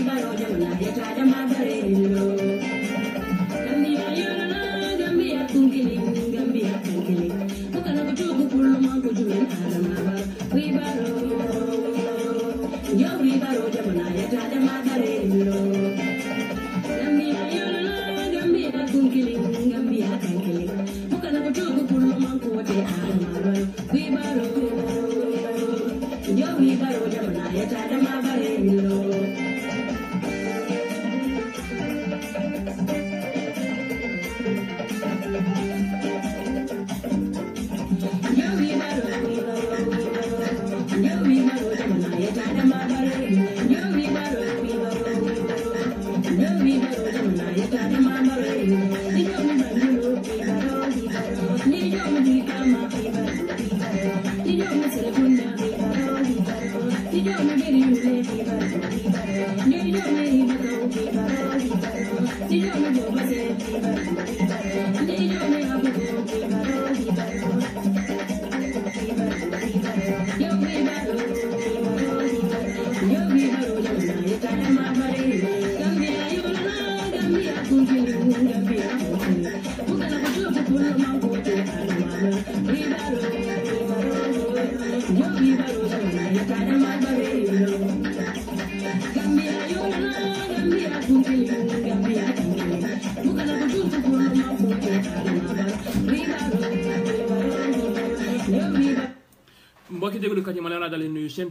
i yau jama'a ya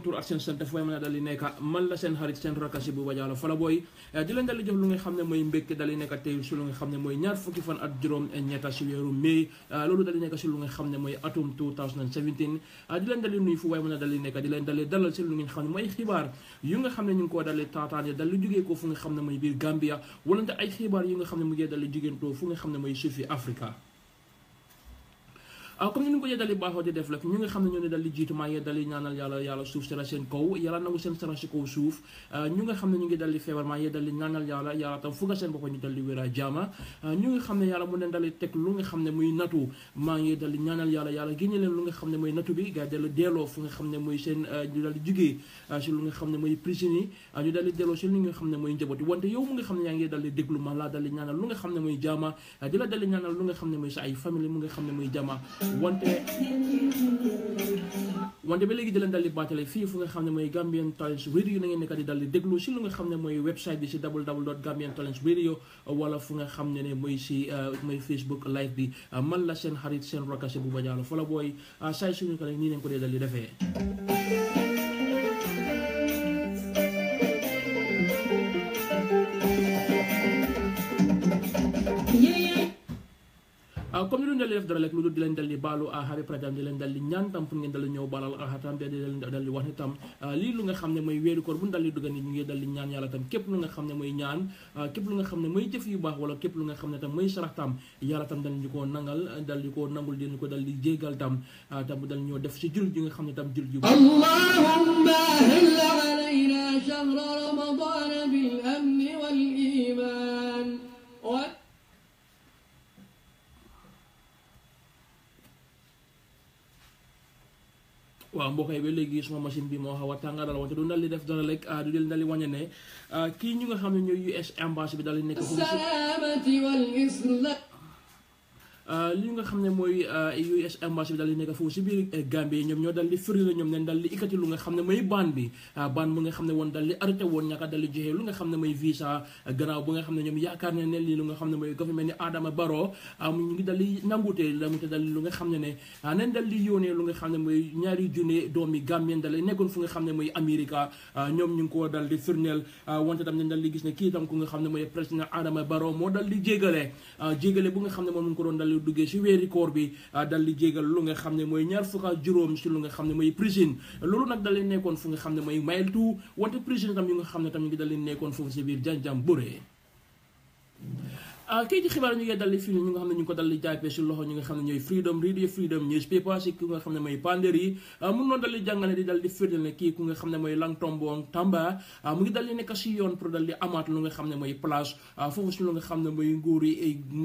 seen tur ak seen sant fu may mën a dali nekka man la seen xarit seen rakasi bu bajaalo fala di leen dali jox lu nga xam ne mooy mbégte ne mooy ñaar fukki fan ak juróom ñetta si weeru mai loolu dali nekka si lu nga xam ne mooy atum di leen dali nuyu fu way mën a dali nekka di leen dali dalal si lu nga xam ne mooy xibaar yu nga xam ne ñu ngi koo dali taataane dali jógee fu nga xam ne mooy biir Gambia walante ay xibaar yu nga xam ne mu dali jógéentoo waaw comme ni ñu ko yeddali baaxoo di def rek ñu nga xam ne ñoo ne dal di jiitu maa yeddali ñaanal yàlla yàlla suuf sera seen kaw yàlla nangu seen sera si kaw suuf ñu nga xam ne ñu ngi dal di feebar maa yeddal di ñaanal yàlla yàlla tam fuga seen bopp ñu dal di wér a jaama ñu nga xam ne yàlla mu leen dal di teg lu nga xam ne muy natu maa ngi dal di ñaanal yàlla yàlla génne leen lu nga xam ne mooy natu bi gaa yi dal di delloo fu nga xam ne mooy seen ñu dal di jugee si lu nga xam ne mooy prison yi ñu dal di delloo si li nga xam ne mooy njaboot wante yow mu nga xam ne yaa ngi dal di déglu ma laa dal di ñaanal lu nga xam ne mooy jaama di la dal di ñaanal lu nga xam ne mooy sa ay famille mu nga xam ne mooy jaama wante wante ba léegi di leen dal di baatale fii fu nga xam ne mooy Gambian Talents Radio na ngeen nekk di dal di déglu si lu nga xam ne mooy website bi si www dot Gambian Talents Radio wala fu nga xam ne ne mooy si uh, mooy Facebook live bi uh, man la seen xarit seen rakase bu bajaalo fa la booy uh, saay suñu ko rek nii nañ ko dee dal di defee Ah, comme ni duñ dal lu dul di leen dal ah, di baalu ahari dal di wax ne tam ah, lii lu nga xam ne mooy weeru koor bu nga xam ne mooy jëf yu baax wala képp lu nga xam ne tam mooy sarax tam yàlla tam dal ñu ko nangal dal di ko nangul di ko dal di jégal tam tam dal ñoo def si jul ji nga xam ne tam jul ji allahumma waaw mbokk yi ba léegi suma machine bi moo xaw a dal wante du ndal li def dara rek ah, du del ndal li ne ah, kii ñu nga xam ne ñooy US embassy bi dal di nekk li nga xam ne mooy US embassy bi daal di nekk foofu si biir Gambie ñoom ñoo dal di firi la ñoom neen xam ne ne woon dal di arrêté woon ñaaka dal di joxe lu nga xam ne mooy visa gannaaw nga xam ne ñoom yaakaar ne ne lii xam ne mooy government ni Adama Barrow ñu ngi dal di ñu ngi ko dal di firndeel wante tam neen dal di gis ne kii tam ku nga xam ne mooy président Adama Barrow moo dal di jéegale jéegale bu nga xam ne moom mu ko doon dal ñu duggee si weeri koor bi ah, dal di jégal lu nga xam ne mooy ñaar fukk ak juróom si lu nga xam ne mooy prison loolu nag dalee nekkoon fu nga xam ne mooy mile two wante prison tam yu nga xam ne tam ñu ngi dalee nekkoon foofu si biir janjam bëree kayit yi xibaar ñu ngi dalli ñu nga xam ne ñu ngi ko dalli jàppee si loxo ñu nga xam ne ñooy freedom radio freedom newspaper si ki nga xam ne mooy pander yi mun noonu dalli jàngale di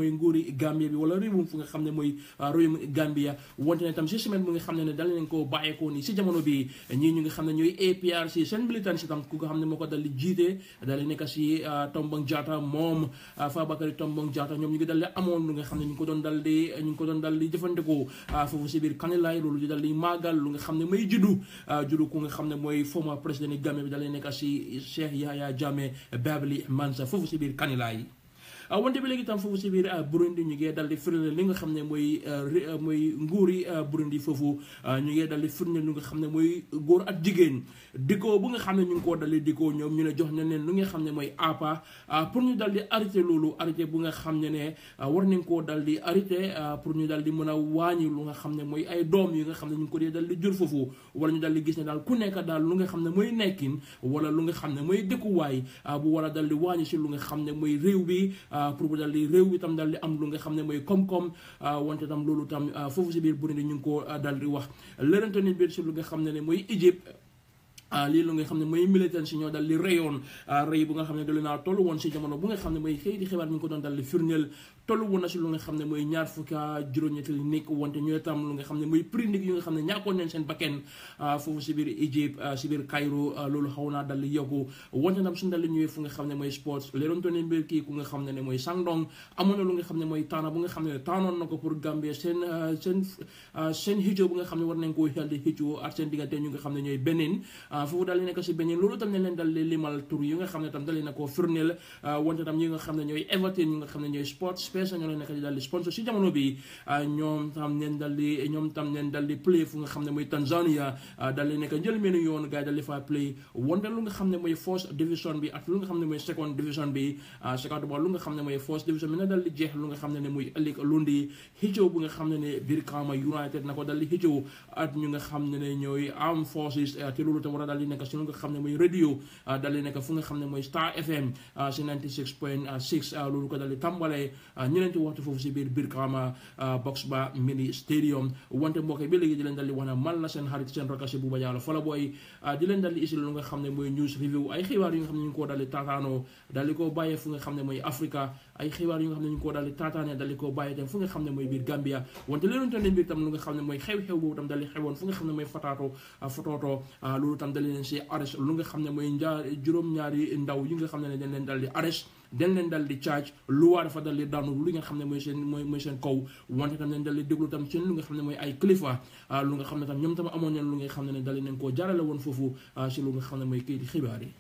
nguuri Gambia bi wala réewum fu nga xam ne mooy réewum Gambia wante ne tam si semaine mu nga xam ne ne dal nañ koo bàyyeekoo nii si jamono bi ñii ñu nga xam ne ñooy APRC seen militant si tam ku nga xam ne moo ko dalli jiite dalli nekk si tombong jaata moom moom jaata ñoom ñu ngi dal di amoon lu nga xam ne ñu ngi ko doon dal ñu ngi ko doon dal di jëfandikoo ah, foofu si biir Kanilaay loolu di dal di màggal lu nga xam ne mooy juddu ah, juddu ku nga xam ne mooy former président Gambie bi dal di nekk si Cheikh Yahya Jammeh Babli Mansa foofu si biir Kanilaay wante bi léegi itam foofu si biir Burundi ñu ngee dal di firndeel li nga xam ne mooy mooy nguuri Burundi foofu ñu ngee dal di firndeel li nga xam ne mooy góor ak jigéen dikkoo bu nga xam ne ñu ngi koo dal di dikoo ñoom ñu ne jox na lu nga xam ne mooy APA pour ñu dal di arrêté loolu arrêté bu nga xam ne ne war nañ koo dal di arrêté pour ñu dal di mën a wàññi lu nga xam ne mooy ay doom yi nga xam ne ñu ngi ko dee dal di jur foofu wala ñu dal di gis ne daal ku nekk daal lu nga xam ne mooy nekkin wala lu nga xam ne mooy dëkkuwaay bu war a dal si lu nga xam ne mooy réew bi Euh, pour bu dal di réew mi tam dal am lu nga xam ne mooy koom-koom euh, wante tam loolu tam euh, foofu si biir Burundi ñu ngi ko dal di wax leneen tamit biir si lu nga xam ne ne mooy Égypte lii lu nga xam ne mooy militant si ñoo dal di reyoon rey bu nga xam ne dalu naa toll woon si jamono bu nga xam ne mooy xëy di xibaar ñu ngi ko doon dal di firndeel tollu woon na si lu nga xam ne mooy ñaar fukka juróom-ñetti nekk wante ñooy tam lu nga xam ne mooy prix nit yi nga xam ne ñàkkoon neen seen bakken xam ne mooy sports leeroon to ne mbir kii ku nga ne ne mooy xam ne mooy taana bu nga na ko pour Gambie seen seen seen xëccoo bu nga xam ñu nga xam ne ñooy beneen ne leen dal limal nga xam ne tam nga xam ne ñooy sports Space ñoo leen nekk di dal di sponsor si jamono bi ah, ñoom tam neen dal play fu nga xam ne mooy Tanzania ah, dal di nekk njël meenu yoon gars yi dal di faa play wante lu nga xam ne mooy first division bi ak lu nga xam ne mooy second division bi second ah, ba lu nga xam ne mooy first division bi na dal jeex lu nga xam ne muy ëllëg lundi xëccoo bu nga xam ne ne Brikama United na ko dal di ak ñu nga xam ne ne ñooy Armed Forces te loolu tam war a dal nekk si lu Ah, ñeneenti waxtu foofu si biir biir xama ah, box ba mini stadium wante mbokk bi léegi di leen dal di wax ne man la seen xarit seen rakk si Buuba Jallow Fala Boy ah, di leen dal di lu nga xam ne mooy news review ay xibaar yi nga xam ne ñu ngi koo taataanoo dal ko bàyyee fu nga xam ne mooy Africa ay xibaar yu nga xam ne ñu ngi koo daal di taataane daal di koo bàyyi tam fu nga xam ne mooy biir Gambia wante nga xam ne mooy xew-xew boobu tam daal di nga xam ne mooy leen lu nga xam ne mooy njaar juróom xam ne dañ leen daal di arrêt dañ leen dal di charge luwaa dafa dal nga xam ne mooy seen mooy mooy seen kaw lu nga xam ne mooy ay kilifa lu nga xam ne tam ñoom tam amoon neen lu nga xam ne ne dal nañ koo jaarale woon foofu si lu nga xam ne mooy kayiti xibaar yi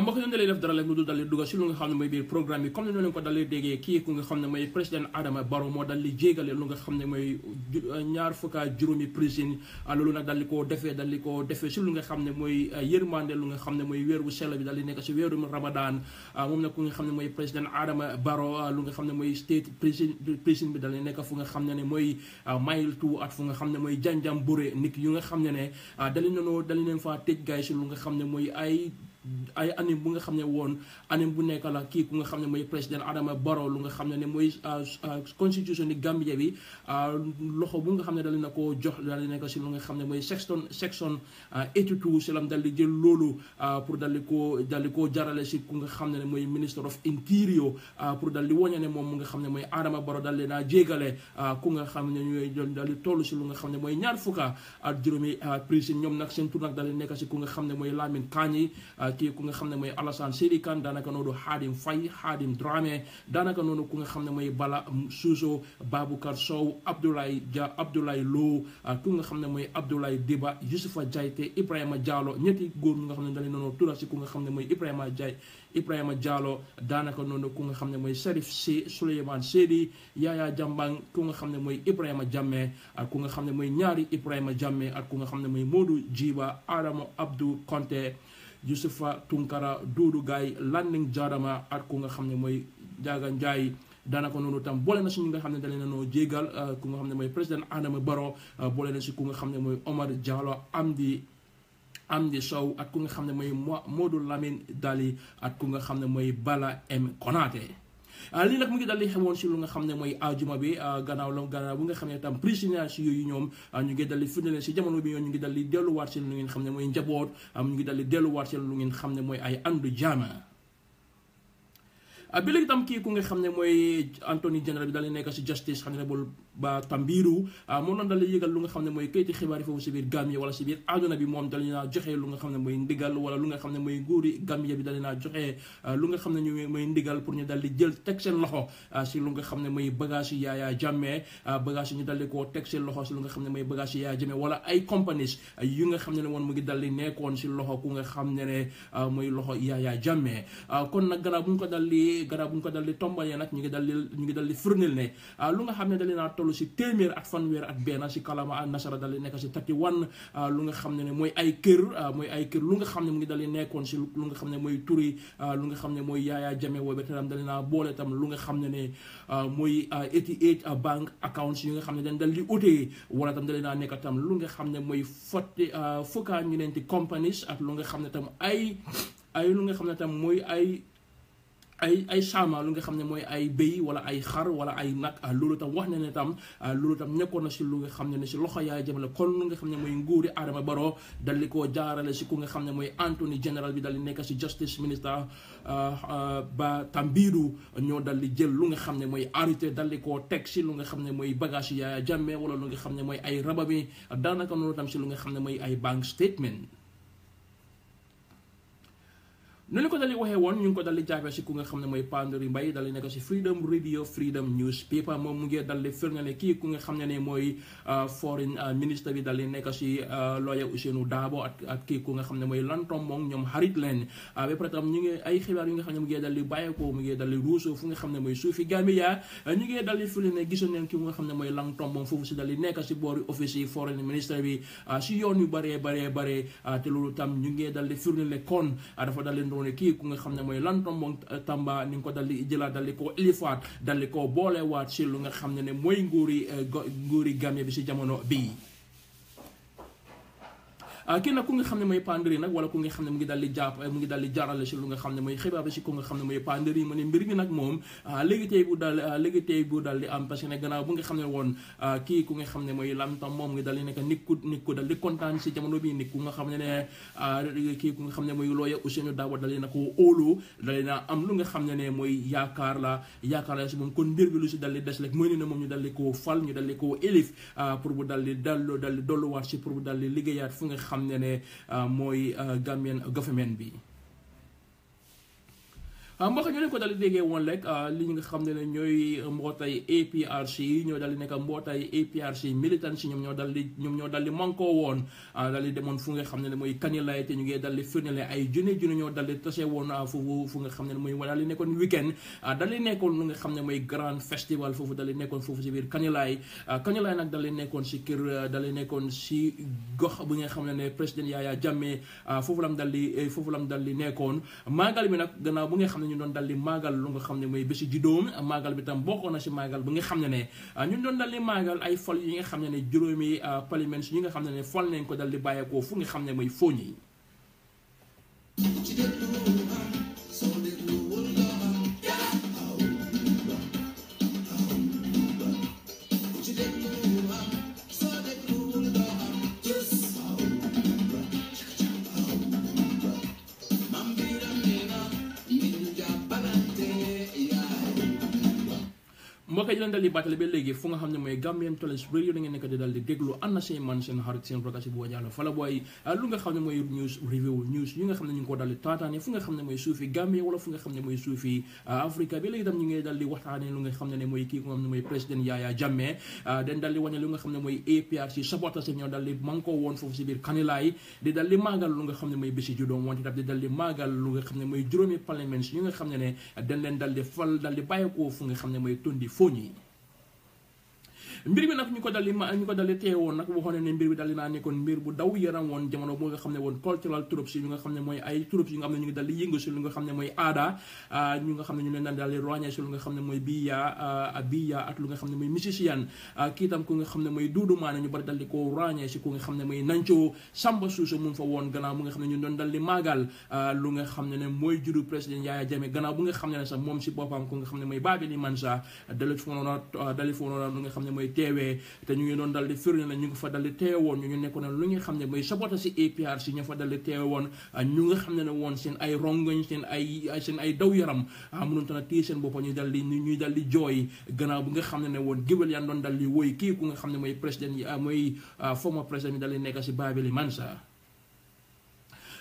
mbokk ñoom ne lay def dara rek lu dul daldi dugal nga xam ne mooy biir programme bi comme ne ñoo leen ko daldi déggee nga xam ne mooy président Adama Barrow lu nga xam ne mooy ñaar koo defee daldi koo defee si lu nga xam ne mooy yërmande lu nga xam ne mooy weer wu sell bi daldi nekk si weeru Ramadan moom nag ku xam ne mooy président Adama Barrow lu nga xam ne bi daldi nekk fu nga xam ne ne mooy mile two at fu nga xam ne mooy janjam bure nit yu nga xam ne ne daldi nanoo daldi leen faa tëj gaay si lu nga xam ne mooy ay ay anim bu nga xam ne woon anim bu nekk la kii ku nga xam ne mooy président Adama Barrow lu nga xam ne ne mooy constitution ni Gambia bi loxo bu nga xam ne dal na ko jox dal na ko si lu nga xam ne mooy section section 82 si lam dal di jël loolu pour dal di koo dal di koo jarale si ku nga xam ne ne mooy ministre of interior pour dal di woñe ne moom mu nga xam ne mooy Adama Barrow dal di naa jéegale ku nga xam ne ñooy dal di toll si lu nga xam ne mooy ñaar fukka ak juróomi prison ñoom nag seen tur nag dal di nekk si ku nga xam ne mooy Lamin Kany kii ku nga xam ne mooy Alassane Seydi Kane daanaka noonu Xaadim Faye Xaadim Dramé daanaka noonu ku nga xam ne mooy Bala Suso Baboucar Sow Abdoulaye Dia Abdoulaye Lo ah, ku nga xam ne mooy Abdoulaye Diba Youssoufa Diayte Ibrahima Diallo ñetti góor ñu nga xam ne dañu noonu tural si ku nga xam ne mooy Ibrahima Diaye Ibrahima Diallo daanaka noonu ku nga xam ne mooy Serif Sy Souleymane Seydi Yaya Jambang ku nga xam ne mooy Ibrahima Jammeh ah, ak ku nga xam ne mooy ñaari Ibrahima Jammeh ak ku nga xam ne mooy Modou Jiba Adama Abdou Konte Youssoufa Tunkara Doudou Gaye Landing Jarama ak ku nga xam ne mooy Ndiaga Ndiaye daanaka noonu tam boole na si ñi nga xam ne dalee na noo jéegal euh, ku nga xam ne mooy président Adama Barrow euh, boole na si ku nga xam ne mooy Omar Diallo am Amdi Sow ak ku nga xam ne mooy Modou Lamine Dali ak ku nga xam ne mooy Bala M Konaté Euh, lii nag mu ngi dal di xewoon si lu nga xam ne mooy ajuma bi euh, gannaaw la gannaaw bu nga xam ne tam prisonniers yooyu ñoom euh, ñu ngi dal di firndeel si jamono bi ñoom ñu ngi dal di delluwaat seen lu ngeen xam ne dal di delluwaat seen lu ngeen xam ne mooy ay andu jaama bi léegi tam kii ku nga xam ne mooy Anthony General bi daal di nekk si justice xam ne ba Tambiru ah, moom noonu dala yëgal lu nga xam ne mooy kayiti xibaar yi foofu si biir Gambie wala si biir àdduna bi moom dali naa joxe lu nga xam ne mooy ndigal wala lu nga xam ne mooy nguuri Gambie bi dali naa joxe ah, lu nga xam ne ñu mooy ndigal pour ñu ah, koo teg loxo si lu nga xam ne mooy bagage yi Yaya Jammeh wala ay companies yu nga xam ne ne woon mu ngi dal di nekkoon si loxo ku nga xam ne ne mooy loxo Yaya Jammeh kon nag gannaaw bu ñu ko dal di gannaaw bu ñu ko dal di tombalee nag ñu ngi dal di ñu ngi dal di ne lu nga toll si téeméer ak fanweer ak benn si kalama an nasara dali nekk euh, lu nga xam ne ne mooy ay kër euh, mu ngi dali nekkoon si lu nga xam ne mooy turi euh, lu xam ne mooy yaayaa jame woo ba tam dali naa tam lu nga xam ne ne mooy 88 bank accounts yu nga xam ne dañ dal di utee wala tam dali naa nekk tam lu nga xam ne mooy fotti fukkaa ñeneenti companies ak lu nga xam ne tam ay ay lu nga xam ne tam mooy ay ay ay chama lu nga xam ne mooy ay béy wala ay xar wala ay nag ah, loolu tam wax na ne tam ah, loolu tam nekkoon na si lu nga xam ne ne si loxo yaay jëmale kon lu nga xam ne mooy nguuri Adama Barrow dal di koo jaarale si ku nga xam ne mooy Anthony général bi dal di nekk si justice minister ah, ba Tambidou ñoo dal di jël lu nga xam ne mooy arrêté dal di ko teg si lu nga xam ne mooy bagage Yaya Jammeh wala lu nga xam ne mooy ay rabami daanaka noonu tam si lu nga xam ne mooy ay bank statement nu leen ko dali waxee woon ñu ko dali jàppee si ku nga xamné moy Pandori mbay dali nek ci Freedom Radio Freedom Newspaper mom mu ngi dali firnde ne kii ku nga xamné né moy euh, foreign euh, minister bi dali nek ci euh, lawyer Ousainou Darboe at ak ki ku nga xamné moy Lantom Mbong ñom harit leen ba pratam ñu ngi ay xibaar yi nga xamné mu ngi dali ko mu ngi dali rouso fu nga xamné moy soufi gamia ñu ngi dali firnde ne ki nga xamné moy Lantom mom fofu ci dali nek ci bor office foreign minister bi si yoon yu bare bare bare té lolu tam ñu ngi dali firnde kon dafa dali mu kii ku nga xam ne mooy lan Lantombong Tamba ni nga ko dal di jëlaat daldi koo ilifaat daldi koo boolewaat si lu nga xam ne ne mooy nguuri eh, nguuri Gambie bi si jamono bii ki nag ku nga xam ne mooy pandari nag wala ku nga xam ne mu ngi daal di jàpp mu ngi na ko óolu daal di na am lu nga xam ne ne mooy yaakaar la yaakaar la si moom kon mbir bi lu si daal di des rek mooy ne moom ñu daal di koo fal ñu daal di koo élif pour bu daal di dalloo daal di dolluwaat si pour bu daal di liggéeyaat fu nga xam xam ne ne euh, mooy euh, Gambian government bi mbokk ñoo leen ko dal di won lek rek li nga xamné né ñoy mbotay APRC ñoy dal di nekk APRC militant ci ñom ñoo dal li ñom ñoo dal li manko won dal li demoon fu nga xamné ne mooy kanilay té ñu ngi dal li firnele ay jëne jëne ñoo dal li tassé won fu fu nga xamné moy wala li weekend dal li nekkoon lu nga xamné moy grand festival foofu dal di nekkoon foofu ci bir kanilay kanilay nag dal di nekkoon si kër dal di nekkoon ci gox bu nga xamné né président Yaya Jammeh lam dal di foofu lam dal di nekkoon magal mi nak gannaaw bu nga xamné ñu doon dal di màggal lu nga xam ne mooy bési juddóom màggal bi tam bokkoon na si màggal bu nga xam ne ne ah, ñu doon dal di màggal ay fol yi nga xam ne ne juróomi ah, parlement yi nga xam ne ne fol nañ ko dal di bàyyeekoo fu nga xam ne may fooñ yi moo koy leen dal di bàttale ba léegi fu nga xam ne mooy Gambian Talents bu wajaalo fala nga xam ne mooy suufi Gambia wala fu nga xam ne mooy suufi Africa bi léegi tam ñu ngi dal di waxtaane lu nga xam ne mooy kii nga xam ne mooy président Yaya woon foofu si biir kanilaay di dal di lu nga xam ne mooy bési judoom wante tam di dal di lu nga xam ne mooy juróomi parlement yi nga xam ne ne dañ leen dal di fal dal fu nga フォニー mbir bi nak ñuko dal li ma ñu ko dali nak waxone ne mbir bi dal naa nekkoon mbir bu daw yaram won jamono bu nga xam won cultural troops yi nga xam moy ay troops yi nga xam ñu ngi li yëngu si lu nga xam moy ada ñu nga xam ñu leen dal li roñé si lu nga xam moy biya biya at lu nga xam moy musician ki tam ku nga xam moy dudu man ñu bari dali ko roñé si ku nga moy nancho samba suso mu fa won gëna mu nga xam ñu ñu dal li magal lu nga xam ne moy juru president yaaya jame gëna bu nga xam sa sax moom si bopam ku nga xam moy mooy mansa dali fonona fonona lu nga xam moy teewee te ñu ngi doon dal di na ñu ngi fa dal di teewe woon ñu ñu nekkoon lu nga xam ne mooy sabota si APRC ñu fa dal di woon ñu nga xam ne ne woon seen ay rongoñ seen ay seen ay daw yaram ah, mënoon tan a téye seen boppa ñu dal di ñuy dal di jooy gannaaw bi nga xam ne ne woon gébal yaan doon dal di woy kii ku nga xam ne mooy président yi ah, mooy ah, former président yi dal di nekk si Babili Mansa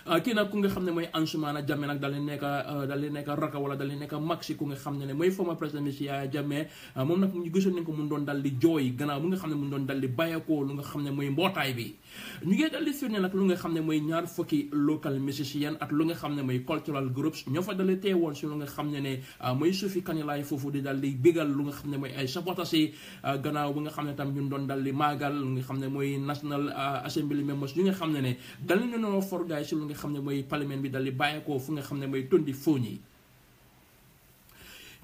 Euh, kii nag ku nga xam ne mooy Ansoumana Jammeh nag dal di nekk euh, dal di nekk raka wala dal di nekk maxi ku nga xam ne ne mooy former président bi si Yaya Jammeh moom nag ñu gisoon nañ ko mun doon dal di jooy gannaaw mu nga xam ne mun doon dal di bàyyeekoo lu nga xam ne mooy mbootaay bi ñu ngi dal di nag lu nga xam ne mooy ñaar fukki local musician ak lu nga xam ne mooy cultural groups ñoo fa dale teewoon si lu nga xam ne ne ah, mooy suufi kanilaay foofu di dal di bégal lu nga xam ne mooy ay sabotage ah, gannaaw bi nga xam ne tam ñun doon dal di maagal lu nga xam ne mooy national ah, assembly members ñu nga xam ne ne dal nañu noo forgaay si lu nga xam ne mooy parlement bi dal di bàyyeekoo fu nga xam ne mooy tondi fooñ yi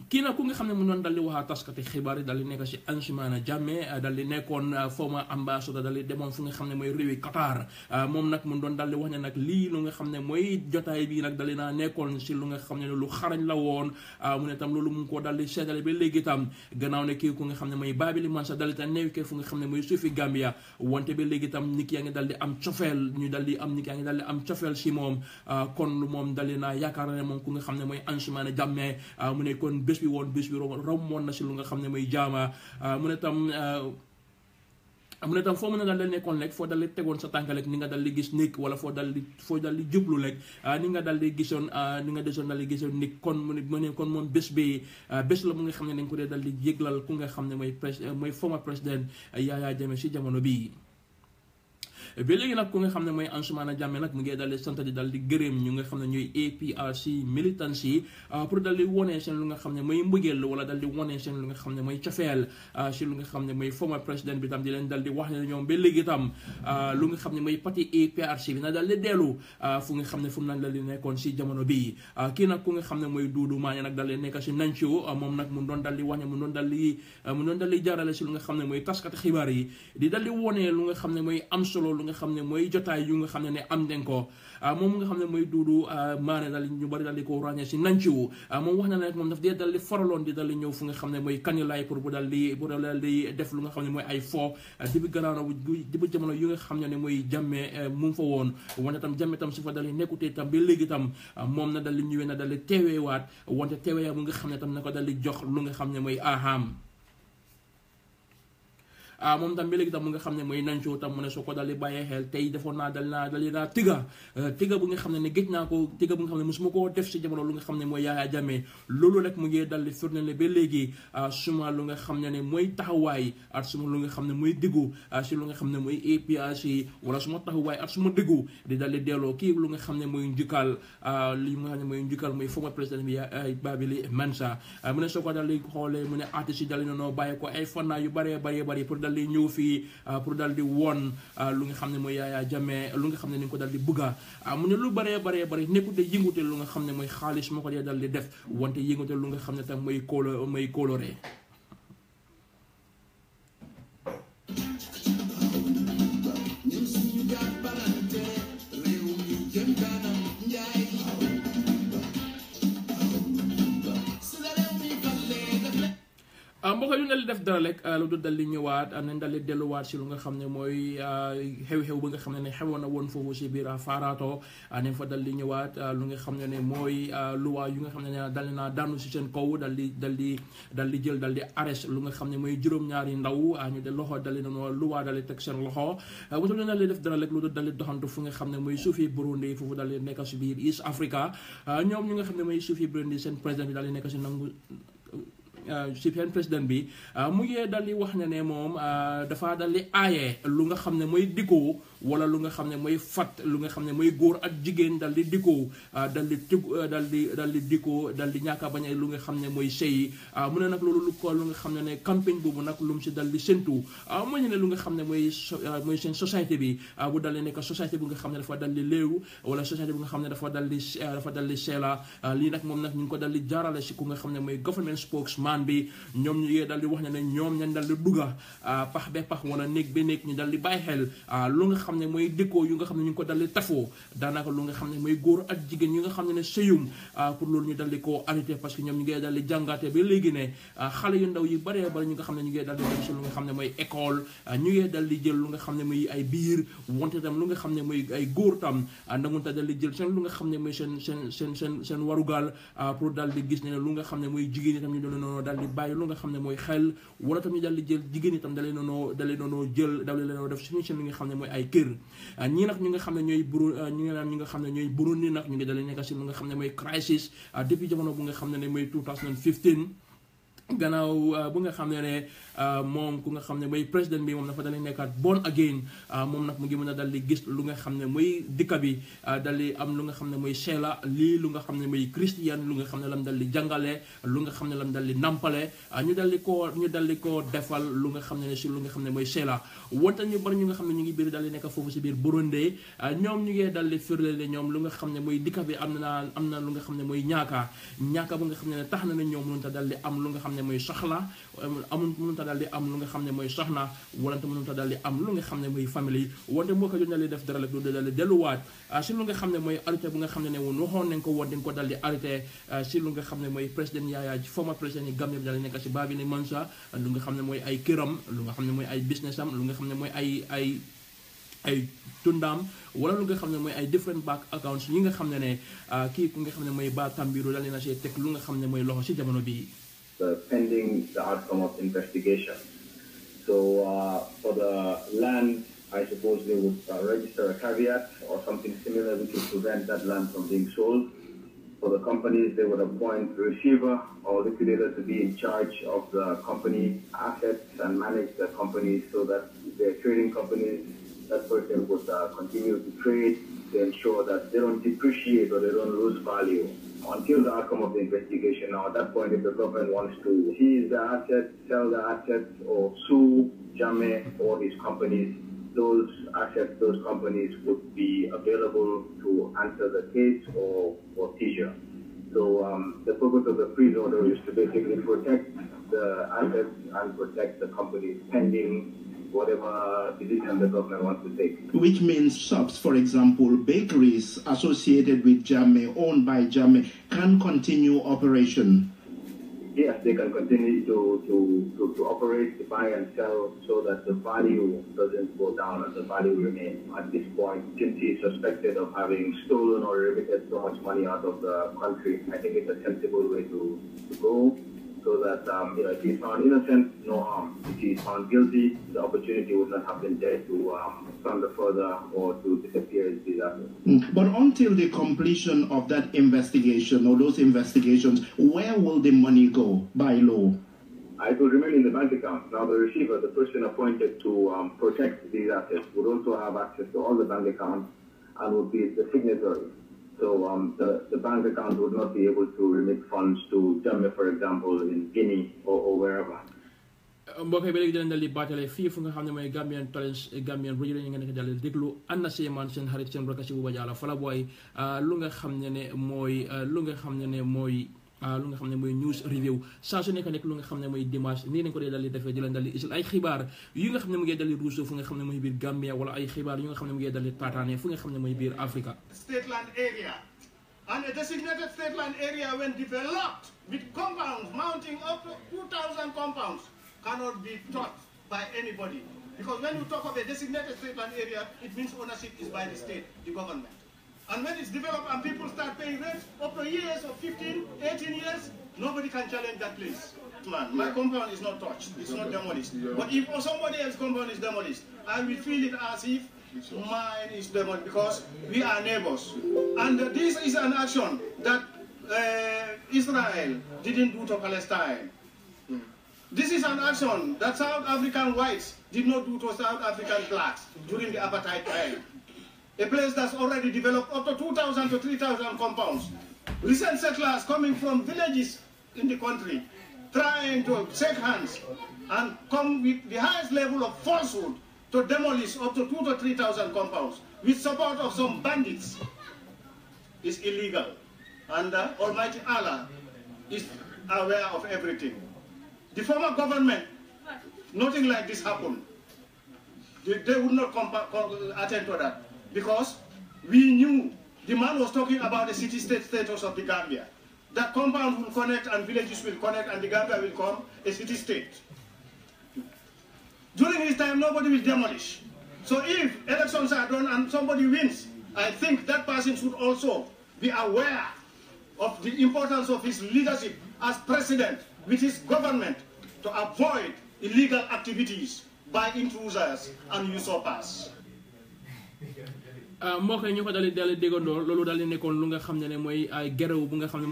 kii nag ku nga xam ne mu noon dal di wax a taskati xibaar yi dal di nekk si Ansoumana Jammeh dal di nekkoon euh, former ambassadeur dal di demoon fu nga xam ne mooy réewi Qatar euh, moom nag mu doon dal di wax ne nag lii lu nga xam ne mooy jotaay bii nag dal di naa nekkoon si lu nga xam ne lu xarañ la woon euh, mu ne tam loolu mu ngi koo dal di seetale ba léegi tam gannaaw ne kii ku nga xam ne mooy Babili Mansa dal di ta nekkee fu nga xam ne mooy suufi Gambia wante ba léegi tam nit yaa ngi dal di am cofeel ñu dal di am nit yaa ngi dal di am cofeel si moom kon moom dal di naa yaakaar ne moom ku nga xam ne mooy Ansoumana Jammeh mu ne kon bés bi woon bés bi romboon na si lu nga xam ne mooy jaamaa ah, mu ne tam ah, mu ne tam foo mën a dal di nekkoon lekk foo dal di tegoon sa tànk lekk ni nga dal di gis nekk wala foo dal di foo dal di jublu lekk ah, ni nga dal di gisoon ni nga desoon dal di gisoon nekk kon mu ne mu ne kon moon bés bi bés la mu nga xam ne ni dañ ko dee dal di yëglal ku nga xam ne mooy pres may former président Yaya Jammeh si jamono bii. ba legi nak ku nga xamne moy mooy Ansoumana Jammeh nag mu ngi dal di sant di dal di gërëm ñu nga xamne ñoy APRC militancy pour dal di woné seen lu nga xamne moy mooy wala dal di woné seen lu nga xamne moy mooy ci lu nga xamne moy former president bi tam di leen dal di wax ni ñom legi tam lu nga xamne moy parti APRC bi na dal di dellu fu nga xamne fu nañ la dal di nekkoon si jamono bi ki nak ku nga xamne moy dudu dal di nekk ci Nancio mom nak mu doon dal di wax ni mu doon dal li mu doon dal di jaarale ci lu nga xamne moy xibaar yi di dal di woné lu nga xamne moy am solo nga xam ne mooy jotaay yu nga xam ne ne am nañ ko ah, moom nga xam ne mooy Duudu ah, Maane daal ñu bari daal di ko ràññee si nanciwu ah, moom wax ne rek moom daf dee daal di faraloon di daal di ñëw fu nga xam ne mooy kanilay pour bu daal di bu daal di def lu nga xam ne mooy ay fo di bi galaano di ba jamono yu nga xam ne ne mooy jàmmee eh, mu fa woon wante tam jàmme tam su fa daal di nekkutee tam ba léegi tam moom na daal di ñëwee na dal di waat wante teeweewaat mu nga xam ne tam na ko dal di jox lu nga xam ne mooy aham Ah, moom tam ba léegi tam mu nga xam ne mooy Nacho tam mu ne soo ko naa dali naa dali naa tiga eh, tiga bu nga xam ne ne géej naa ko tiga bu nga lu nga xam ne mooy Yaya Jammeh loolu ah, suma lu nga xam ne mooy taxawaay ak ah, lu nga xam ne mooy diggu si lu nga xam ne mooy APRC wala suma taxawaay di daldi delloo kii lu nga xam ne mooy njukkaal li nga xam ne mooy njukkal mooy former président bi eh, Babili Mansa mu ne soo ko dali xoolee mu ne artiste yi dali nanoo bàyyi ko ay fannaa yu bëree bëree bëri pour dal di ñëw fii euh, pour dal di woon euh, lu nga xam ne mooy yaayaa Jammeh lu nga xam ne ni nga ko dal di bëgga euh, mu ne lu baree baree bari nekkul de yëngute lu nga xam ne mooy xaalis moo ko dee dal di def wante yëngute lu nga xam ne tam mooy kóolo mooy kóoloree mbokk yi ñu dal di def dara rek lu du dal di ñëwaat nañ dal di delluwaat si lu nga xam ne mooy xew-xew bi nga xam ne ne xewoon na woon foofu si biir Faarato nañ fa dal di ñëwaat lu nga xam ne ne mooy luwaa yu nga xam ne ne dal naa daanu si seen kaw dal di dal di dal di jël dal di arrêté lu nga xam ne mooy juróom-ñaari ndaw ñu de loxo dal di noonu luwaa dal di teg seen loxo bu ñu dal di def dara rek lu du dal di doxantu fu nga xam ne mooy suufi Burundi foofu dal di nekk si biir East Africa ñoom ñu nga xam ne mooy suufi seen président bi dal di ci euh, seen président bi euh, mu ngee dal di wax ne ne moom euh, dafa dal di aaye lu nga xam ne mooy dikkoo wala lu nga xamne moy fat lu nga xamne moy mooy ak jigen dal di diko dal di dal di dal di diko dal di ñaka a lu nga xamne moy sey mu ne nak lolu lu ko lu nga xamne ne campagne boobu nak lu mu si dal di sentu mooy ne lu nga xamne moy moy sen society bi bu dal ne nekk society bu nga xamne dafa dal di lew wala society bu nga xamne dafa dal di dafa dal di sela li nak mom nak ñu ko dal di ci ku nga xamne moy government spokesman bi ñom ñu dal di wax ne ñom ñan dal di duga pax be pax wala nek be nek ñu dal di bay xel lu nga xam xam ne mooy dëkkoo yu nga xam ne ñu ngi ko daldi tafoo daanaka ne mooy góor ak jigéen yi nga xam ne ne sëyum pour loolu ñu daldi ko arrêté parce que ñoom ñu ngi daldi jàngaate ba léegi ne xale yu ndaw yu baree bari lu nga xam ne mooy école ñu lu nga xam ne mooy ay tam lu nga xam daldi jël seen lu nga xam ne mooy seen seen seen seen seen pour daldi gis ne lu nga xam ne mooy jigéen itam ñu dale noonu daldi bàyyi lu nga xam ne mooy xel wala tam ñu daldi jël jigéen itam dale noonu kër ah, ñii nag ñu nga xam ne ñooy buru ah, ñu ngi ñi nga xam ne ñooy Burundi nag ñu ngi dalee nekk si lu nga xam ne mooy crisis ah, depuis jamono bu nga xam ne ne mooy 2015 gannaaw bu nga xam ne ne moom ku nga xam ne mooy président bi moom dafa dalee nekkaat born again moom nag mu ngi mën a dal di gis lu nga xam ne mooy dikka bi dal di am lu nga xam ne mooy seela lii lu nga xam ne mooy christian lu nga xam ne lam dal di jàngale lu nga xam ne lam dal di nampale ñu dal di koo ñu dal di koo defal lu ne lu nga xam ne mooy seela wante ñu bari ñu nga xam ne ngi biir dal nekk foofu si biir Burundi ñoom ñu ngee dal di firle ne mooy dikka bi am na am na lu nga xam ne mooy ñaaka ñaaka bu nga xam ne ne tax na ne ñoom mënut a dal di am lu nga xam ne mooy soxla amul mënut a daal di am lu nga xam ne mooy soxna walante a daal di am lu xam ne mooy famille wante moo def dara rek du daal di delluwaat si lu nga xam ne mooy arrêté bu nga xam ne ne woon waxoon nañ ko woon dañ ko daal di arrêté xam ne mooy président Yaya former président yi Gambie bi daal nekk si baabi ne Mansa lu nga xam ne mooy ay këram lu nga xam ne mooy ay business am lu nga xam ne mooy ay ay ay tundaam wala lu nga xam ne mooy ay different bank accounts yi nga xam ne ne kii ku nga xam ne mooy ba Tambiro daal di na see teg lu nga xam ne mooy loxo si jamono bii pending the outcome of the investigation. So uh, for the land, I suppose they would uh, register a caveat or something similar which would prevent that land from being sold. For the companies, they would appoint a receiver or liquidator to be in charge of the company assets and manage the company so that their trading companies, that person would uh, continue to trade to ensure that they don't depreciate or they don't lose value until the outcome of the investigation. Now, at that point, if the government wants to seize the assets, sell the assets, or sue Jame or his companies, those assets, those companies would be available to answer the case or, or seizure. So um, the purpose of the freeze order is to basically protect the assets and protect the companies pending whatever decision the government wants to take. Which means shops, for example, bakeries associated with Jamme, owned by Jamme, can continue operation. Yes, they can continue to, to, to, to operate, to buy and sell so that the value doesn't go down and the value remains. At this point, Kimchi is suspected of having stolen or remitted so much money out of the country. I think it's a sensible way to, to go so that um, you know, if he is found innocent, no harm. If he is found guilty, the opportunity would not have been there to um, further, or to disappear his disaster. Mm. But until the completion of that investigation or those investigations, where will the money go by law? Uh, it will remain in the bank account. Now, the receiver, the person appointed to um, protect these assets, would also have access to all the bank accounts and would be the signatory. So um, the, the bank account would not be able to remit funds to Zambia, for example, in Guinea or, or wherever. mbokk bi léegi dinañ dal di baatale fii fu nga xam ne mooy Gambian Talents Gambian Radio ñu nga nekk dal di déglu Anna Seyman seen xarit seen brokasi bu ba fala booy uh, lu nga xam ne ne uh, lu nga xam ne ne lu nga xam ne news review saa su nekk nekk lu nga xam ne dimanche nii nañ ko dee daldi defee di leen daldi isil ay xibaar yu nga xam ne mu ngi daldi ruusoo fu nga xam ne mooy Gambia wala ay xibaar yu nga xam ne mu ngi daldi paataane fu nga xam ne mooy biir Africa stateland area and a designated land area when developed with compounds mounting up to 2000 compounds cannot be taught by anybody because when you talk of a designated state land area it means ownership is by the state the government and when it's developed and people start paying rent, after years of 15, 18 years, nobody can challenge that place. Man, my compound is not touched, it's not demolished. But if somebody else's compound is demolished, I will feel it as if mine is demolished because we are neighbors. And this is an action that uh, Israel didn't do to Palestine. This is an action that South African whites did not do to South African blacks during the apartheid time a place that's already developed up to 2,000 to 3,000 compounds. Recent settlers coming from villages in the country trying to shake hands and come with the highest level of falsehood to demolish up to 2 to 3,000 compounds with support of some bandits is illegal. And uh, Almighty Allah is aware of everything. The former government, nothing like this happened. They, they would not attend to that because we knew the man was talking about the city-state status of the Gambia. That compound will connect and villages will connect and the Gambia will become a city-state. During his time, nobody will demolish. So if elections are done and somebody wins, I think that person should also be aware of the importance of his leadership as president with his government to avoid illegal activities by intruders and usurpers. mbokk yi ñu ko dali dali déggandoor loolu daal di nekkoon lu nga xam ne ne mooy gerew bu nga xam ne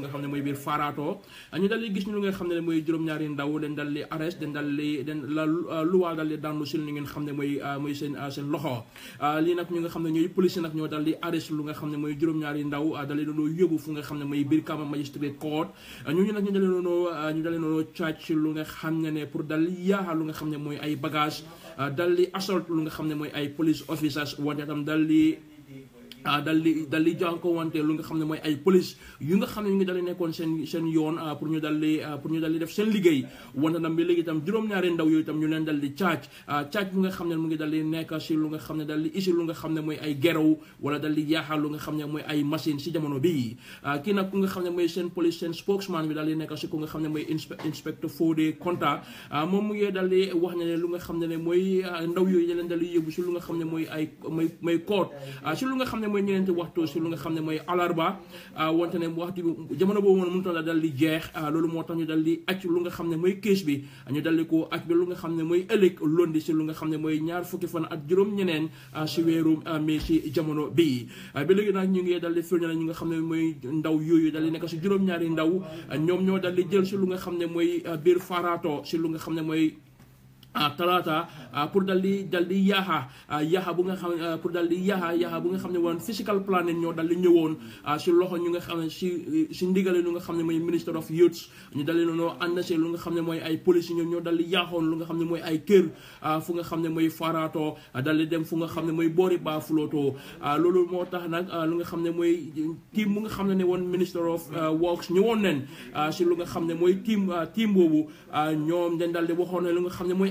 xam ne mooy biir faaraatoo ñu dal di ne ne mooy juróom-ñaari ndaw dañ dal di arrest dañ la luwaa dal di ngeen xam ne mooy mooy seen loxo lii nag ñu nga xam ne ñooy police nag ñoo dal di arrest lu nga xam yóbbu fu nga xam ne mooy biir kama magistrate court ñooñu nag ñu dal di doonoo ñu dal di doonoo lu nga xam ne ne pour dal yaaxa lu nga xam ne mooy ay bagage dal li assault lu nga xam ay police officers wante tam dal li dal di dal di jànkuwante lu nga xam ne mooy ay police yu nga xam ne ñu ngi dal seen seen yoon pour ñu dal di pour ñu dal di ñaari ndaw yooyu itam ñu leen dal di caaj caaj bu nga ne mu nekk si lu nga xam ne dal di isi lu nga xam ne mooy ay gerew wala dal di yaaxal xam ne mooy ay machine si jamono bii kii nag ku nga xam ne mooy seen police seen spokesman bi ne mooy inspecteur Fodé Konta moom mu ngi dal di wax ne lu nga xam ne ne mooy ndaw yooyu leen dal di yóbbu si lu nga xam ne mooy ay mooy mooy koot si lu nga xam ne mooy ñeneenti waxtu si lu nga xam ne mooy alarba ah, wante ne waxtu bi jamono boobu moom mënutoon la dal di jeex ah, loolu moo tax ñu dal di aj lu nga xam ne mooy kees bi ñu dal ko aj lu nga xam ne mooy ëllëg londi si lu nga xam ne mooy ñaar fukki fan ak juróom ñeneen ah, si weeru mai si jamono bii bi léegi nag ñu ngi dal di firnde ñu nga xam ne mooy ndaw yooyu dal nekk si juróom-ñaari ndaw ñoom ñoo dal di jël si lu nga xam ne mooy biir faaraato si lu nga xam ne mooy talaata pour dal di dal di yaaxa yaaxa bu nga xam ne pour dal di yaaxa yaaxa bu nga xam ne woon physical planet ñoo dal di ñëwoon si loxo ñu nga xam ne si si ndigale lu nga xam ne mooy minister of youth ñu dal di lu nga xam ne mooy ay police ñoom ñoo dal di yaaxoon lu nga xam ne mooy ay kër fu nga xam ne mooy faraatoo dal di dem fu nga xam ne mooy boori baa fulootoo moo tax nag lu nga xam ne mooy team bu nga xam ne ne woon minister of works ñëwoon nen si lu nga xam ne mooy team team boobu ñoom dañ dal di waxoon ne lu nga xam ne mooy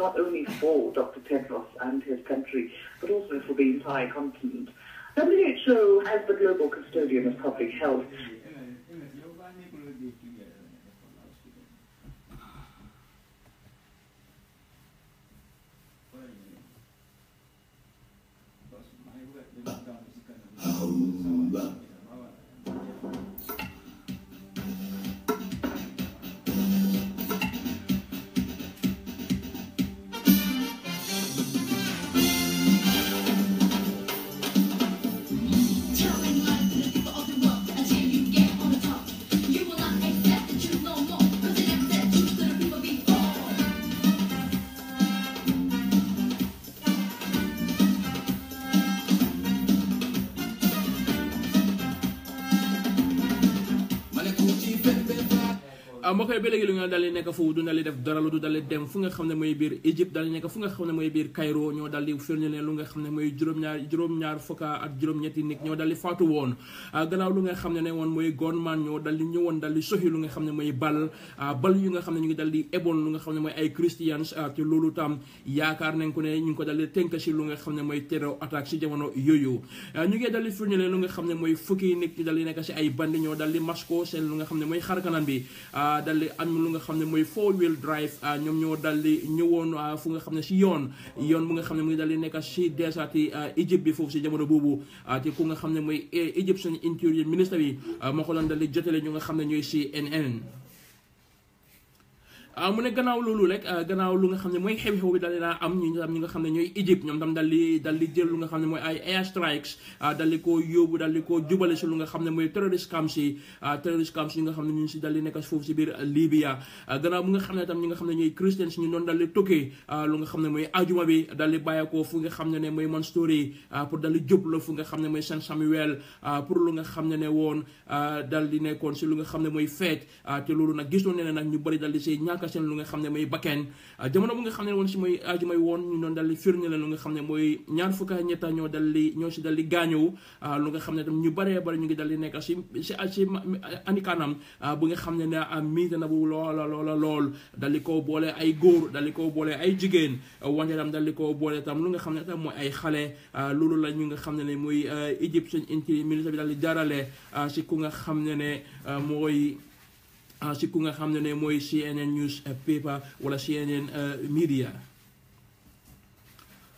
not only for Dr. Tedros and his country, but also for the entire continent. WHO, has the global custodian of public health, moo koy ba léegi lu nga xam ne mooy biir Égypte dal di nekk fu nga xam ne mooy biir Cairo ñoo dal di firnde ne lu nga xam ne mooy juróom-ñaar juróom ne ne woon mooy gonman xam ne mooy bal bal yu nga ko ne ñu ngi ko dal di tënk nga xam ne mooy terror attaque si jamono yooyu mooy fukki nit dal di nekk si ay bandi ñoo dal di masko seen lu nga xam ne mooy xarkanam bi dal di am lu nga xam ne mooy four wheel drive ah, ñoom ñoo dal di ñëwoon ah, fu nga xam ne si yoon yoon bu nga xam ne mu ngi nekka di nekk si desaati ah, Égypte bi foofu si jamono boobu te ku nga xam ne mooy eh, Egyptian Interior Ministry bi moo ko doon dal di jotale ñu nga xam ne ñooy CNN mu ne gannaaw loolu rek gannaaw lu nga xam ne mooy xew-xew bi dal dina am ñu tam ñi nga xam ne ñooy Egypte ñoom tam dal jël lu nga xam ne ay air strikes daldi ko yóbbu daldi ko jubale si lu nga xam ne mooy terrorist camps yi terrorist camps yi nga xam ne ñu si daldi nekk foofu si biir Libya gannaaw mu nga xam ne tam ñi nga xam ne ñooy christians ñu dal daldi tukkee lu nga xam ne mooy ajuma bi daldi bàyyeekoo fu nga xam ne ne mooy story pour daldi fu nga xam ne Saint Samuel pour lu nga xam ne ne woon daldi nekkoon si lu nga xam ne mooy fête te loolu nag gisoon ne nag ñu bari see ñàkk seen lu nga xam ne mooy bakkeen ah, jamono bu nga xam ne woon si mooy aaju may woon ñu doon dal li firnde la lu nga xam ne mooy ñaar fukk ak ñetta ñoo dal di ñoo si dal di gaañow ah, lu nga xam ne tam ñu baree bari ñu ngi dal di nekk si si si anikaanam ah, bu nga xam ne ne miite na bu loola loola lool dal di ko boole ay góor dal di ko boole ay jigéen wante tam dal di ko boole tam lu nga xam ne tam mooy ay xale loolu la ñu nga xam ne ne mooy Egyptian inti militaire bi dal di jaarale si ku nga xam ne ne mooy si ku nga xam ne ne mooy CNN News Paper wala CNN euh, Media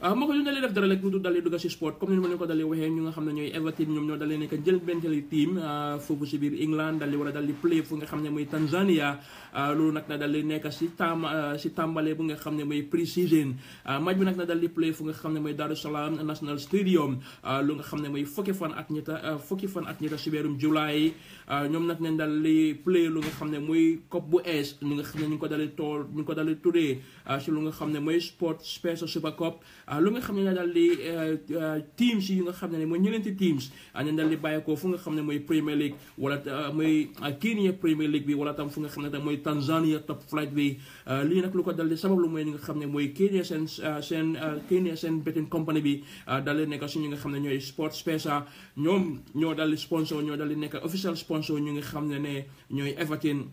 ah mako ñu dalé def dara rek du dalé sport comme ñu mëne ko dalé waxé ñu nga xamné ñoy Everton ñom ñoo dalé nek jël bentali team fofu ci biir England dalé wara dalé play fu nga xamné moy Tanzania lolu nak na dalé nek ci tam ci tambalé bu nga xamné moy precision season match bi nak na dalé play fu nga xamné moy Dar es Salaam National Stadium lu nga xamné moy fukki fan ak ñita fukki fan ak ñita ci bérum July ñom nak nañ dalé play lu nga xamné moy Cup bu s, ñu nga xamné ñu ko dalé toor ñu ko dalé touré ci lu nga xamné moy Sport Special Super Cup Ah, lu nga xam ne na daal di eh, eh, teams yi nga xam ne ne mooy ñeneenti teams ah, ne daal di bàyyeekoo fu nga xam ne mooy Premier League wala eh, ah, bi wala tam fu nga xam ne tam mooy Tanzania top flight bi lii nag lu ko dal di sabab nga xam ne mooy Kenya seen seen Kenya seen betting company bi daal di nekk suñu nga xam ne ñooy Sports Pesa ñoom ñoo daal di sponsor ñoo daal di nekk official sponsor ñu nga xam ne ne ñooy Everton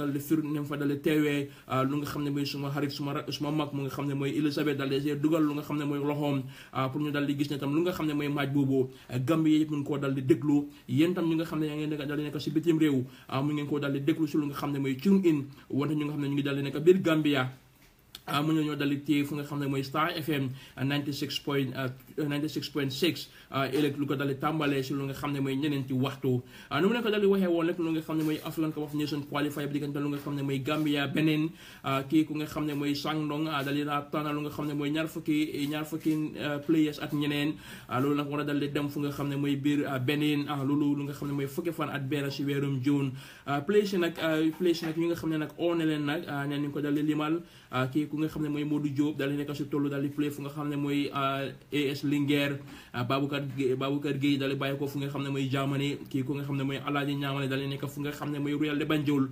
dal di fir ni fa dal di ah, lu nga xam ne mooy suma xarit suma ra suma mag mu nga xam ne mooy Elisabeth dal di dugal lu nga xam ne mooy loxoom ah, pour ñu dal gis ne tam lu nga xam ne mooy maaj boobu ah, Gambie yëpp ñu koo dal di déglu yéen tam ñi nga xam ne yaa ngi nekk dal di si bitim réew mu ngeen koo dal di si lu nga xam ne mooy tune in wante ñu nga xam ne ñu ngi dal di nekk biir Gambia mu ñoo ñoo dal di fu nga xam ne mooy Star FM 96 point 96.6 ëllëg lu ko dali tàmbalee si lu nga xam ne mooy ñeneenti waxtu nu mu ne ko dali bi diggante lu nga xam ne mooy Gambia beneen kii ku nga xam ne mooy Sangdong dali naa tànn ñaar fukki ñaar fukki players ak ñeneen loolu nag war a dal dem fu nga xam ne mooy biir beneen loolu lu nga xam ne mooy fukki fan at benn si weerum juin players nag ñu nga xam ne nag one nag nee nañ ko dali limal kii ku nga xam ne mooy Modou Diop dali nekk si tollu dali play fu nga xam ne mooy Linger, babu ah, Babacar Babacar Gueye dale bàyyi ko fu nga xamné moy jamané ki ko nga xamné moy mooy Alaaji dalé dale fu nga xamné moy Royal de Banjul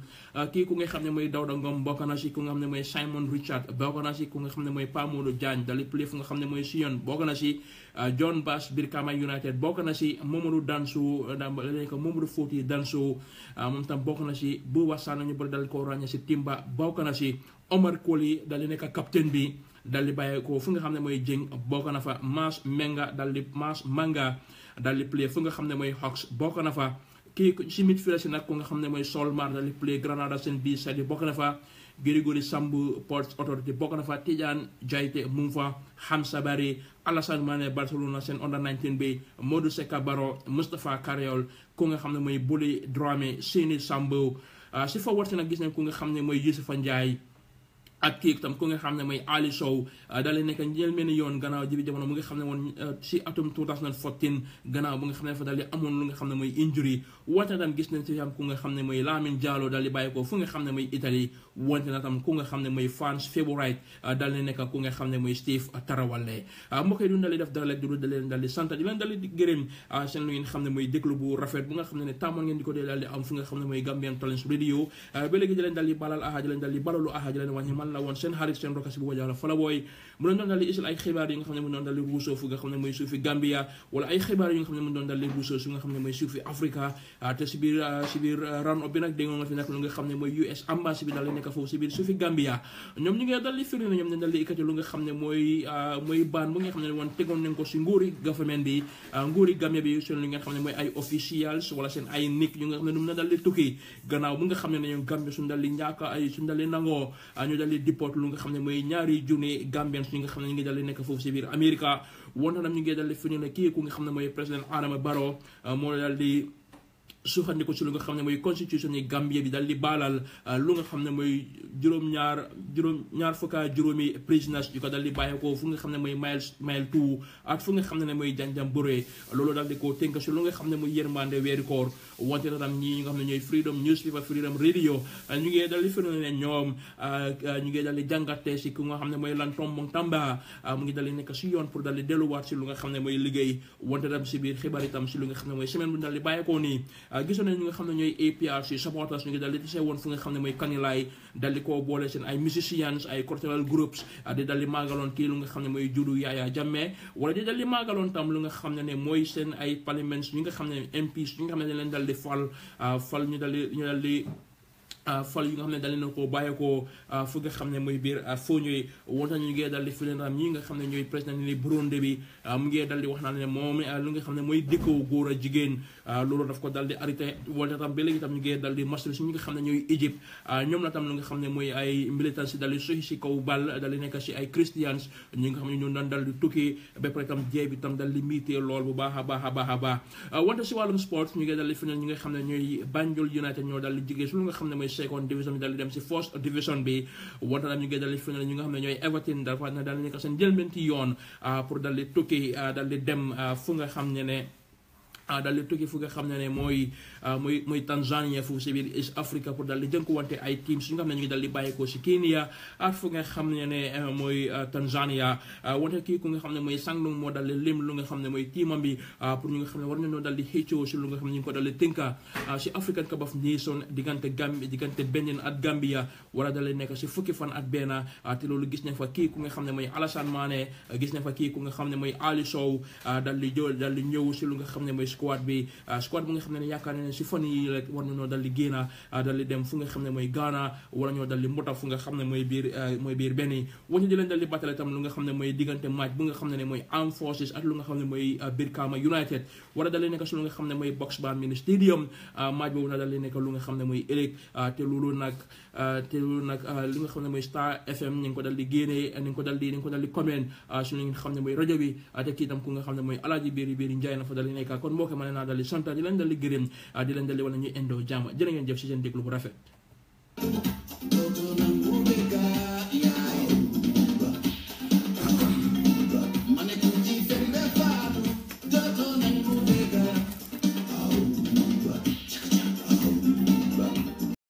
kii ku nga xamné moy Dawda Ngom nga xamné moy Simon Richard bokk na ci ku nga xamné moy Pamodo Diagne dale plé fu nga xamné moy Sion bokk ah, John Bass Birkama United bokk na ci Mamadou Danso ah, dale nekk Mamadou Foti Danso mom tam buwasananya ci Bouba Sane ñu ko ci Timba bokk Omar Koli dale nek Captain bi dal di bàyyeekoo fu nga xam ne mooy Dieng bokk na fa Mas Menga dal di Mas Manga dal di play fu nga xam ne mooy Hawks bokk na fa kii si midfield si nag ku nga xam ne mooy sol Solmar dal di play Granada seen biir sadi bokk na fa Grégory Sambu Port Authority bokk na fa Tidiane Diaité mu ngi fa Hamza Barry Alassane Mané Barcelona seen under 19 bi Modou Seka Baro Moustapha ko nga xam ne mooy Boli Dramé Sini Sambu ah, si forward si nag gis ku nga xam ne mooy Youssoufa Ndiaye ak ki tam ku nga xam ne mooy Ali Sow daal di nekk njëlbéen yoon gannaaw jibi jamono mu nga xam ne woon atum 2014 gannaaw bu nga xam ne dafa di amoon lu nga xam ne injury wante tam gis nañ si tam ku nga xam ne Lamine Diallo daal di bàyyi fu nga xam ne mooy Italie na tam ku nga xam ne fans favorite daal di nekk ku nga xam ne Steve Tarawale mbokk du daal di def dara rek du leen daal di sant di leen daal di gërëm seen lu ngeen xam ne déglu bu rafet bu nga xam ne ne ngeen di ko di am fu nga xam ne Gambian Talents Radio ba léegi di leen daal di balal aha di leen daal di balalu aha di leen wàññi la won sen xarit sen rokasi bu wajaara fa la booy mu non dal li isil ay xibaar yi nga xamne mu non dal li rousseau fu nga xamne moy soufi gambia wala ay xibaar yi nga xamne mu non dal li rousseau su nga xamne moy soufi africa te ci bir ci bir ran obbi nak de nga fi nak lu nga xamne moy us embassy bi li nek fo ci bir soufi gambia ñom ñu ngi dali firina ñom ne li ikati lu nga xamne moy moy ban mu nga xamne won tegon nañ ko si nguuri government bi nguuri gambia bi sen li nga xamne moy ay officials wala sen ay nik yu nga xamne mu non dal li tukki gannaaw mu nga xamne ñu gambia gambia dal li ñaka ay dal li nango ñu dali di diport lu nga xam ne mooy ñaari junne Gambians ñi nga xam ne ñu ngi dal di nekk foofu si biir America wante nag ñu ngi dal di fi ñu ne kii ku nga xam ne mooy président Adama Barrow euh, moo dal di. suufandiku ci lu xam ne mooy constitution yi Gambie bi dal di baalal euh, lu nga xam ne mooy juróom-ñaar juróom juróomi prisonniers yu ko dal di bàyyeekoo fu nga xam ne mooy mile mile two ak fu nga xam ne mooy janjam buree loolu dal di ko tënk ci lu nga xam ne mooy yërmande weeri koor wante na tam ñii ñi nga xam ne ñooy freedom newspaper freedom radio ñu ngee dal di firnde ne ñoom ah, ah, ñu ngee dal di jàngate si ku nga xam ne mooy lan tombong tamba ah, mu ngi dal di nekk si yoon pour dal di delluwaat si lu nga xam ne mooy liggéey wante tam si biir xibaar itam si lu nga xam ne mooy semaine bu dal di bàyyeekoo nii gisoon ne ñu nga xam ne ñooy APRC supporters ñu ngi dal di tase woon fu nga xam ne mooy kanilaay dal di ko boole seen ay musicians ay cultural groups ah, di dal di màggaloon kii lu nga xam ne mooy juddu Yaya Jammeh wala di dal di màggaloon tam lu nga xam ne ne mooy seen ay parlements ñi nga xam ne MPs ñi nga xam ne dañ leen dal di fal ah, fal ñu dal di ñu dal di fol yi nga xam ne dal na ko bàyyeekoo fu nga xam ne mooy biir foo ñuy wontañu ñu ngee dal di fileen nga xam ne ñooy président wax naa ne nga xam mooy dëkkaw góor a jigéen loolu daf ko dal di arrêté wala tam ba léegi tam ñu nga xam ne ñooy Égypte ne mooy ay militant si dal di soxi si kaw bal dal di nekk si ay christians ñi nga lool bu baax a baax baax a baax wante xam ne ñooy Banjul United ñoo dal di su lu nga xam ne mooy second division dal dem ci first division bi wonta nag ñu ngi dal fi ñu nga xamne ñoy Everton dal fa na dal nekk seen menti yoon ah, pour dal li tukki ah, dal li dem ah, fu nga xamne ne daal di tukki fu nga xam ne ne mooy mooy mooy Tanzania foofu si biir East Africa pour daal di jënkuwante ay team su nga xam bàyyeekoo si Kenya nga xam ne ne mooy Tanzania wante kii ku nga xam ne mooy Sangdong moo daal nga xam ne mooy tiimam bi pour xam ne war nañoo daal di xëccoo si lu nga xam ne ñu ngi ko daal di tënka si African Cup of Nations diggante Gambie diggante Benin ak Gambia wala daal di nekk si fukki fan ak benn te loolu gis nañ fa kii ku nga xam ne mooy Alassane Mané gis nañ fa kii ku nga xam ne mooy Ali Sow daal di jël daal di ñëw si lu nga xam ne mooy squad bi squad bi nga xam ne yaakaar na ne si fan yi rek war nañoo dal di génna dal di dem fu nga xam ne mooy Ghana wala ñoo dal di mbota fu nga xam ne mooy biir benn wañu di leen dal di bàttale tam nga xam ne mooy diggante match bu nga boobu nag dal di nekk lu nga xam ne mooy ëllëg te loolu nag nag li nga xam ne mooy Star FM ni nga xam ne mooy rajo bi te kii tam ku nga xam ne mooy Alaaji Biri Biri Njaay na fa dal di nekk kon kooke mën naa dali sonta di leen dali gërëm di leen dali wala ñuy indoo jàmm jërë ngeen jëf si seen déglu bu rafet